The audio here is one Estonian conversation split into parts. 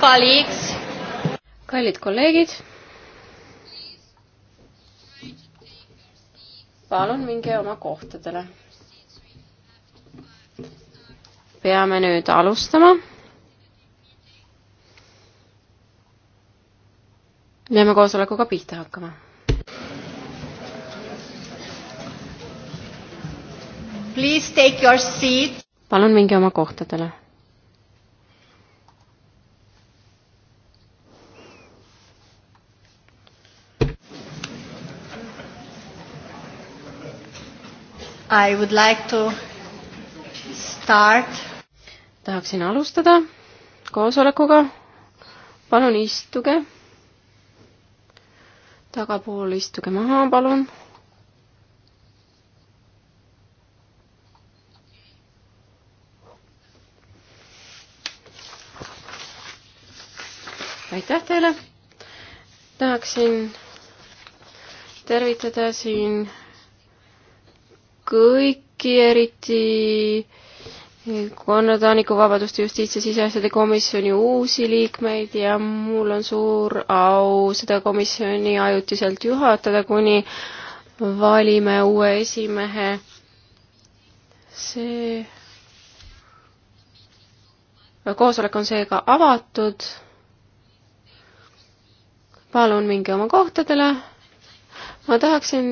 kallid kolleegid. palun minge oma kohtadele. peame nüüd alustama. peame koosolekuga pihta hakkama palun minge oma kohtadele I would like to start. tahaksin alustada koosolekuga. palun istuge. tagapool istuge maha, palun. aitäh teile. tahaksin tervitada siin kõiki, eriti Konrad Aaniku Vabaduste Justiits- ja Siseasjade Komisjoni uusi liikmeid ja mul on suur au seda komisjoni ajutiselt juhatada, kuni valime uue esimehe. see koosolek on seega avatud. palun minge oma kohtadele. ma tahaksin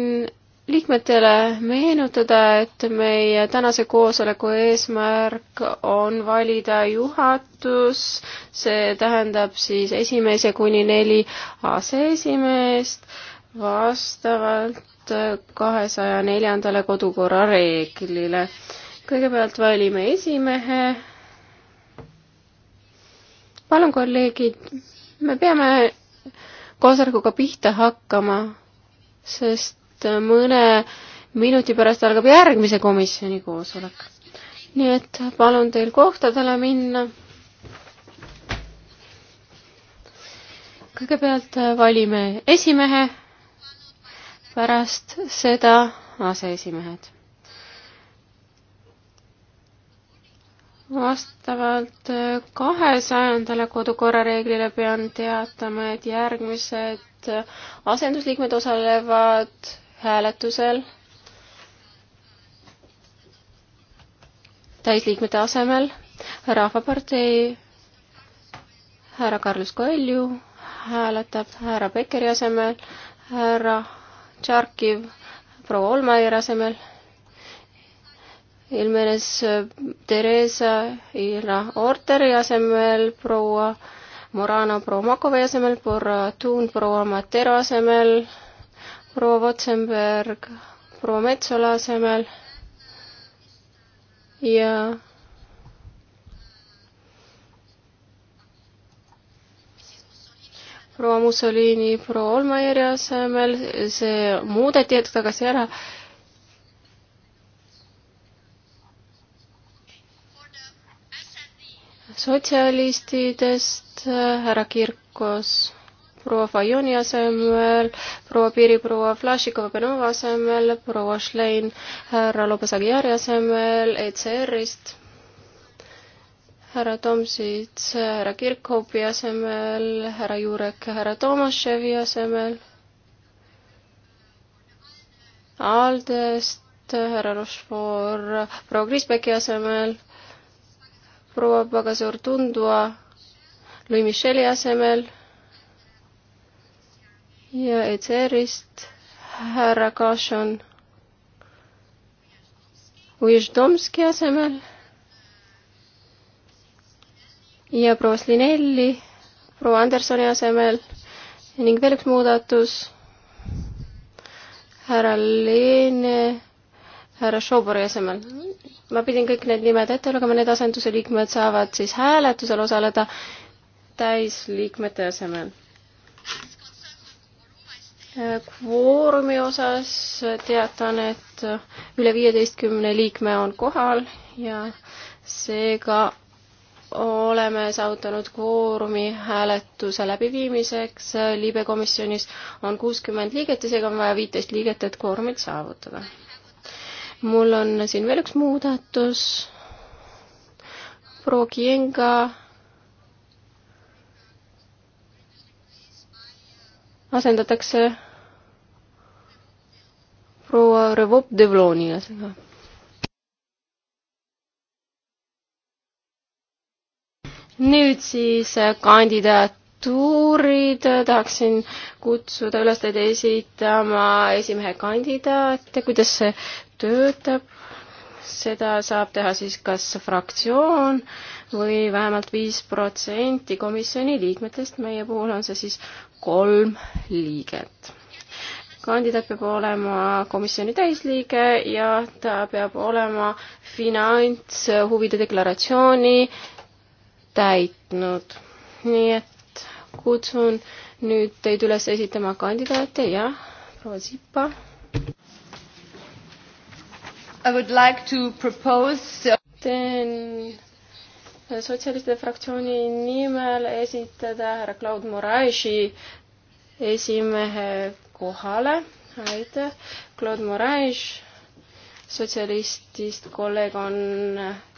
liikmetele meenutada, et meie tänase koosoleku eesmärk on valida juhatus, see tähendab siis esimees ja kuni neli aseesimeest vastavalt kahesaja neljandale kodukorra reeglile. kõigepealt valime esimehe. palun, kolleegid, me peame koosolekuga pihta hakkama, sest et mõne minuti pärast algab järgmise komisjoni koosolek. nii et palun teil kohtadele minna. kõigepealt valime esimehe, pärast seda aseesimehed. vastavalt kahesajandale kodukorra reeglile pean teatama, et järgmised asendusliikmed osalevad hääletusel täisliikmete asemel Rahvapartei härra Carlos Coelho hääletab härra Beckeri asemel, härra Tšarkiv proua Olmaier asemel ilmenes äh, Theresa Ira Orteri asemel proua Morano proua Makovi asemel, proua Tuun proua Matero asemel, proua Votsenberg proua Metsola asemel ja proua Mussolini proua Olmajärje asemel, see muudeti hetk tagasi ära. sotsialistidest härra Kirkos proua Fajuni asemel, proua Piiri, proua Flašikova-Benova asemel, proua Šlein härra Lobes-Aguiari asemel ECR-ist, härra Tomsits härra Kirkhopi asemel, härra Jurek härra Tomaševi asemel, Aldest härra Rochefort proua Kriisbeki asemel, proua Pagasur Tundua Louis Micheli asemel ja ECR-ist härra Kašon Ujaždomski asemel ja proua Slinelli proua Andersoni asemel ning veel üks muudatus härra Leene härra Šobori asemel. ma pidin kõik need nimed ette lugema, need asenduse liikmed saavad siis hääletusel osaleda täisliikmete asemel kvoorumi osas teatan, et üle viieteistkümne liikme on kohal ja seega oleme saavutanud kvoorumi hääletuse läbiviimiseks. liibe komisjonis on kuuskümmend liiget ja seega on vaja viiteist liiget, et kvoorumit saavutada. mul on siin veel üks muudatus. proua Kienga asendatakse proua Revop Devloniasega. nüüd siis äh, kandidatuurid, tahaksin kutsuda üles teid esitama esimehe kandidaate, kuidas see töötab, seda saab teha siis kas fraktsioon või vähemalt viis protsenti komisjoni liikmetest, meie puhul on see siis kolm liiget. kandidaat peab olema komisjoni täisliige ja ta peab olema finantshuvide deklaratsiooni täitnud. nii et kutsun nüüd teid üles esitama kandidaate ja proua Zipa. I would like to propose teen sotsialistide fraktsiooni nimel esitada härra Claude Moraesi esimehe kohale. aitäh, Claude Moraes, sotsialistist kolleeg on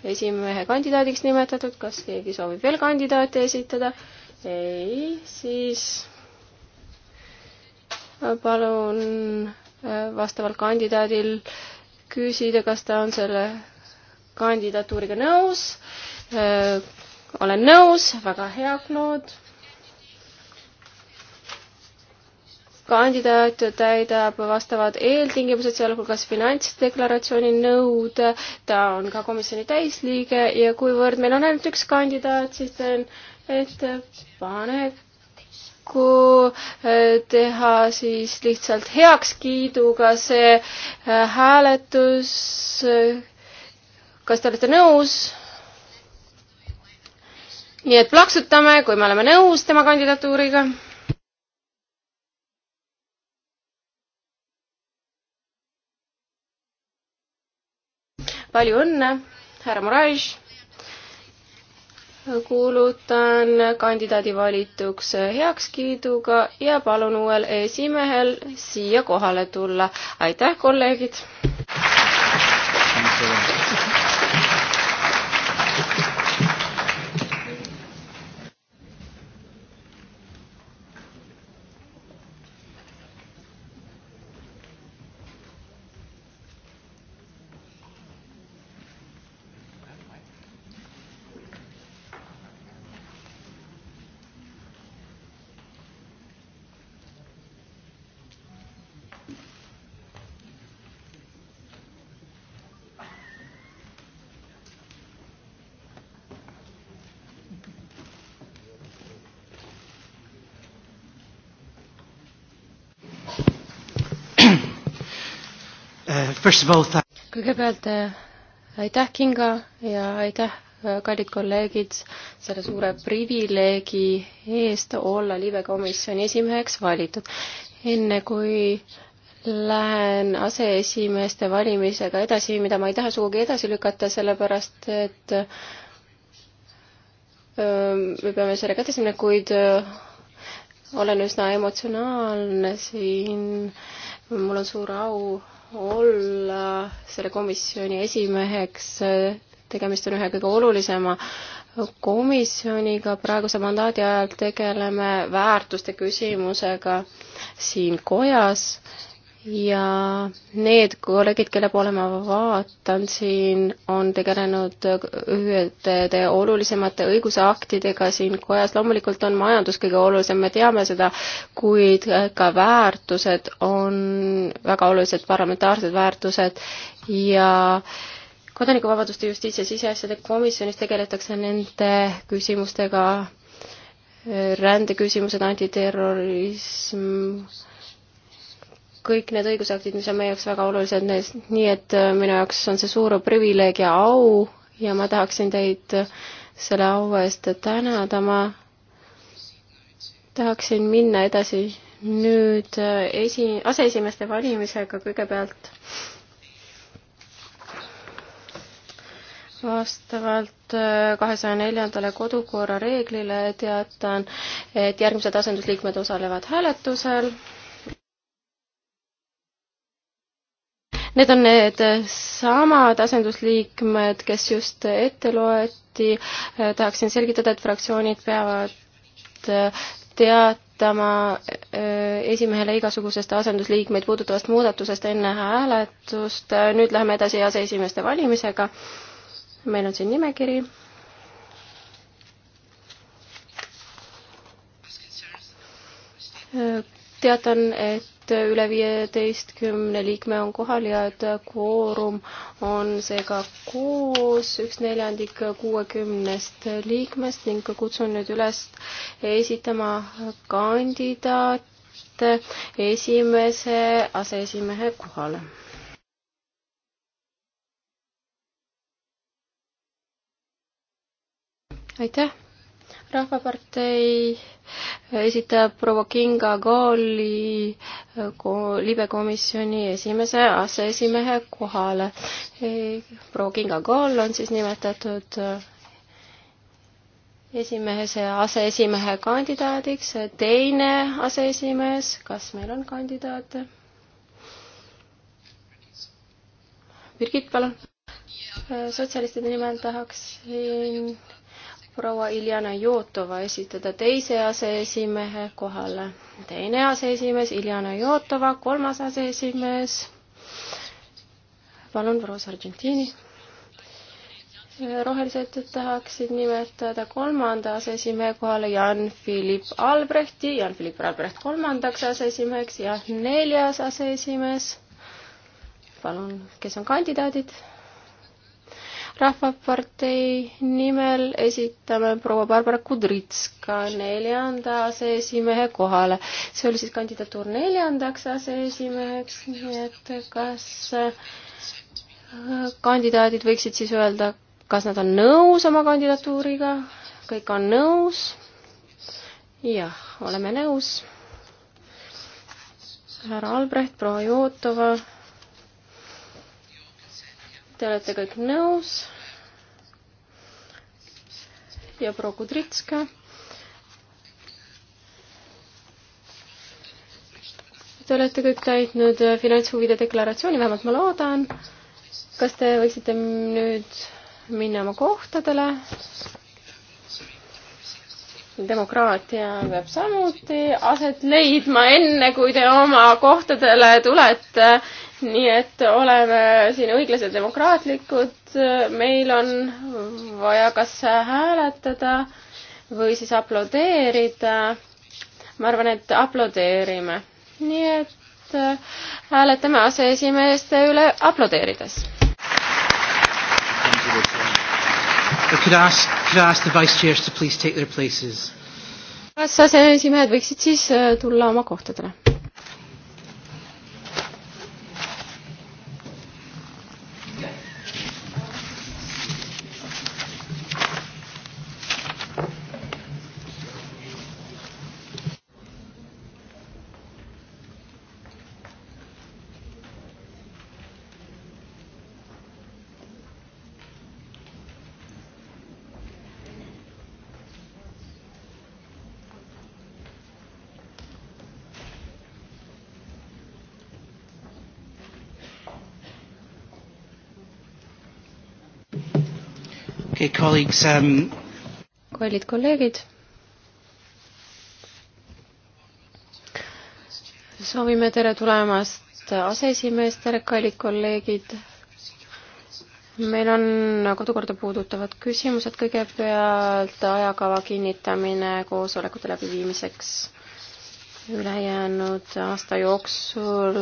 esimehe kandidaadiks nimetatud, kas keegi soovib veel kandidaate esitada? ei, siis palun äh, vastaval kandidaadil küsida, kas ta on selle kandidatuuriga nõus Äh, olen nõus, väga hea, Claude. kandidaat täidab vastavad eeltingimused, sealhulgas finantsdeklaratsiooni nõude, ta on ka komisjoni täisliige ja kuivõrd meil on ainult üks kandidaat, siis teen ettepanek paraku äh, teha siis lihtsalt heakskiiduga see äh, hääletus. kas te olete nõus? nii et plaksutame, kui me oleme nõus tema kandidatuuriga. palju õnne, härra Moraes. kuulutan kandidaadi valituks heakskiiduga ja palun uuel esimehel siia kohale tulla. aitäh, kolleegid. kõigepealt äh, aitäh, Kinga, ja aitäh, äh, kallid kolleegid, selle suure privileegi eest olla libekomisjoni esimeheks valitud. enne kui lähen aseesimeeste valimisega edasi, mida ma ei taha sugugi edasi lükata, sellepärast et äh, me peame sellega edasi minema, kuid olen üsna emotsionaalne siin. mul on suur au olla selle komisjoni esimeheks, tegemist on ühe kõige olulisema komisjoniga, praeguse mandaadi ajal tegeleme väärtuste küsimusega siin kojas ja need kolleegid, kelle poole ma vaatan siin, on tegelenud ühtede olulisemate õigusaktidega siin kojas. loomulikult on majandus kõige olulisem, me teame seda, kuid ka väärtused on väga olulised, parlamentaarsed väärtused ja kodanikuvabaduste justiits- ja siseasjade komisjonis tegeletakse nende küsimustega, rändeküsimused, antiterrorism kõik need õigusaktid, mis on meie jaoks väga olulised, nii et äh, minu jaoks on see suur privileeg ja au ja ma tahaksin teid äh, selle au eest tänada, ma tahaksin minna edasi nüüd äh, esi, aseesimeeste valimisega kõigepealt. vastavalt kahesaja neljandale kodukorra reeglile teatan, et järgmised asendusliikmed osalevad hääletusel Need on need samad asendusliikmed, kes just ette loeti. tahaksin selgitada, et fraktsioonid peavad teatama eh, esimehele igasugusest asendusliikmeid puudutavast muudatusest enne hääletust. nüüd läheme edasi aseesimeeste valimisega. meil on siin nimekiri eh, teatan, et et üle viieteistkümne liikme on kohal ja et kvoorum on seega koos üks neljandik kuuekümnest liikmest ning kutsun nüüd üles esitama kandidaate esimese aseesimehe kohale. aitäh rahvapartei esitab proua Kinga Kooli eh, libekomisjoni esimese aseesimehe kohale. Eh, proua Kinga Kool on siis nimetatud eh, esimehes ja aseesimehe kandidaadiks. teine aseesimees, kas meil on kandidaate? Birgit, palun. sotsialistide nimel tahaksin proua Iljana Jootova esitada teise aseesimehe kohale. teine aseesimees Iljana Jootova, kolmas aseesimees. palun, proua Sargentini. rohelised tahaksid nimetada kolmanda aseesimehe kohale Jan-Philipp Albrechti, Jan-Philipp Albrecht kolmandaks aseesimeheks ja neljas aseesimees. palun, kes on kandidaadid? rahvapartei nimel esitame proua Barbara Kudritska neljanda aseesimehe kohale. see oli siis kandidatuur neljandaks aseesimeheks, nii et kas äh, kandidaadid võiksid siis öelda, kas nad on nõus oma kandidatuuriga, kõik on nõus? jah, oleme nõus. härra Albrecht, proua Jootova Te olete kõik nõus. ja proua Kudritska. Te olete kõik täitnud finantshuvide deklaratsiooni, vähemalt ma loodan. kas te võiksite nüüd minna oma kohtadele? demokraatia peab samuti aset leidma, enne kui te oma kohtadele tulete nii et oleme siin õiglased demokraatlikud, meil on vaja kas hääletada või siis aplodeerida. ma arvan, et aplodeerime, nii et äh, hääletame aseesimeeste üle aplodeerides. Could I ask, could I ask the vice chairs to please take their places? kas aseesimehed võiksid siis äh, tulla oma kohtadele? okay,. Um... kallid kolleegid. soovime tere tulemast aseesimeestele, kallid kolleegid. meil on kodukorda puudutavad küsimused, kõigepealt ajakava kinnitamine koosolekute läbiviimiseks ülejäänud aasta jooksul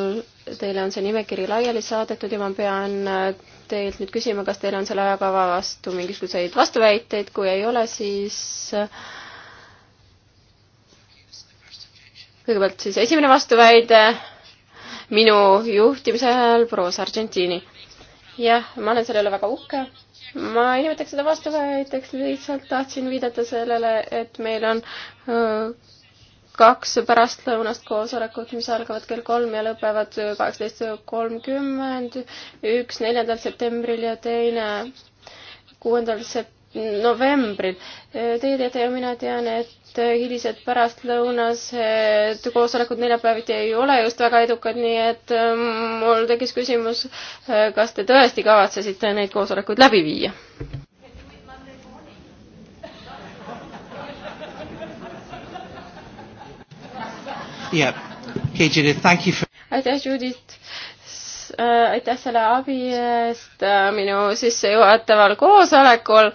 teile on see nimekiri laiali saadetud ja ma pean äh, teilt nüüd küsima, kas teil on selle ajakava vastu mingisuguseid vastuväiteid, kui ei ole, siis äh, kõigepealt siis esimene vastuväide minu juhtimise ajal proua Sargentini. jah, ma olen selle üle väga uhke ma ei nimetaks seda vastuväiteks, lihtsalt tahtsin viidata sellele, et meil on äh, kaks pärastlõunast koosolekut, mis algavad kell kolm ja lõpevad kaheksateist kolmkümmend, üks neljandal septembril ja teine kuuendal sep-, novembril. Teie teate ja mina tean, et hilised pärastlõunased koosolekud neljapäeviti ei ole just väga edukad, nii et mm, mul tekkis küsimus, kas te tõesti kavatsesite neid koosolekuid läbi viia? yeah.. Okay, Judith, thank you for... aitäh, Judith äh,! aitäh selle abi eest äh, minu sissejuhataval koosolekul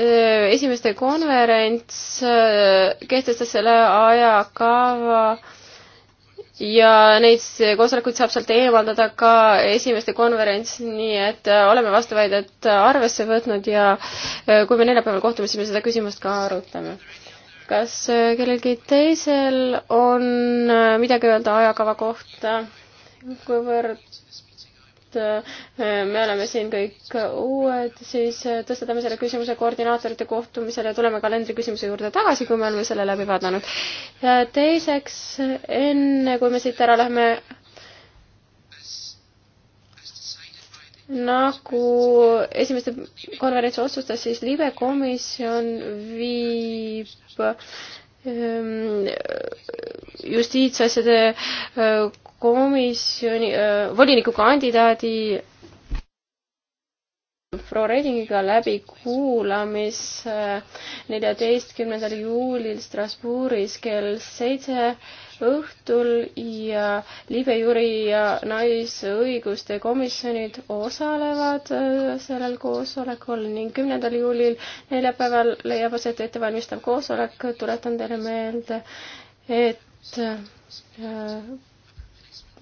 äh,. esimeste konverents äh, kehtestas selle ajakava äh, ja neid koosolekuid saab sealt eemaldada ka esimeste konverents, nii et äh, oleme vastuväidet arvesse võtnud ja äh, kui me neljapäeval kohtume, siis me seda küsimust ka arutame. kas äh, kellelgi teisel on midagi öelda ajakava kohta, kuivõrd et äh, me oleme siin kõik uued, siis äh, tõstatame selle küsimuse koordinaatorite kohtumisel ja tuleme kalendriküsimuse juurde tagasi, kui me oleme selle läbi vaadanud. teiseks, enne kui me siit ära lähme, nagu esimeste konverentsi otsustas, siis libe komisjon viib ähm, justiitsasjade äh, komisjoni äh,, volinikukandidaadi proua Redingiga läbi kuulamise neljateistkümnendal juulil Strasbourgis kell seitse õhtul ja Libe Jüri ja Naisõiguste komisjonid osalevad sellel koosolekul ning kümnendal juulil neljapäeval leiab aset ettevalmistav koosolek. tuletan teile meelde, et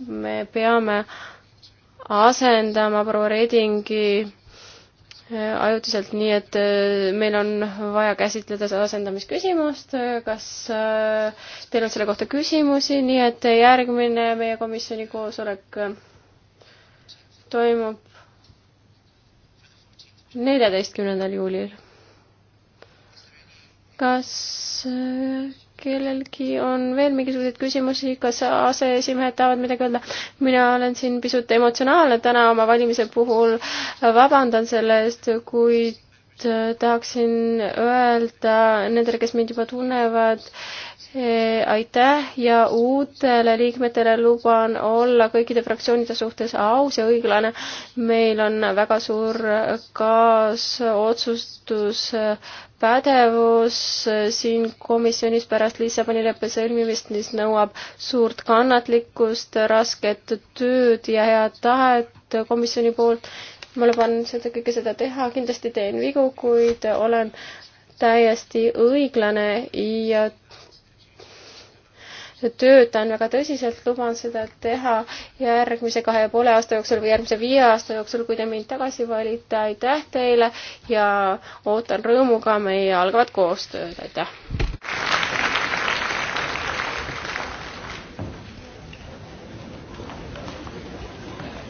me peame asendama proua Redingi eh, ajutiselt, nii et eh, meil on vaja käsitleda seda asendamisküsimust, kas eh, teil on selle kohta küsimusi, nii et järgmine meie komisjoni koosolek toimub neljateistkümnendal juulil. kas kellelgi on veel mingisuguseid küsimusi, kas aseesimehed tahavad midagi öelda? mina olen siin pisut emotsionaalne täna oma valimise puhul, vabandan selle eest, kuid Äh, tahaksin öelda nendele, kes mind juba tunnevad, äh, aitäh ja uutele liikmetele luban olla kõikide fraktsioonide suhtes aus ja õiglane. meil on väga suur kaasotsustuspädevus siin komisjonis pärast Lissaboni leppe sõlmimist, mis nõuab suurt kannatlikkust, rasket tööd ja head tahet komisjoni poolt ma luban seda kõike seda teha, kindlasti teen vigu, kuid olen täiesti õiglane ja töötan väga tõsiselt, luban seda teha järgmise kahe ja poole aasta jooksul või järgmise viie aasta jooksul, kui te mind tagasi valite. aitäh teile ja ootan rõõmuga meie algavat koostööd, aitäh!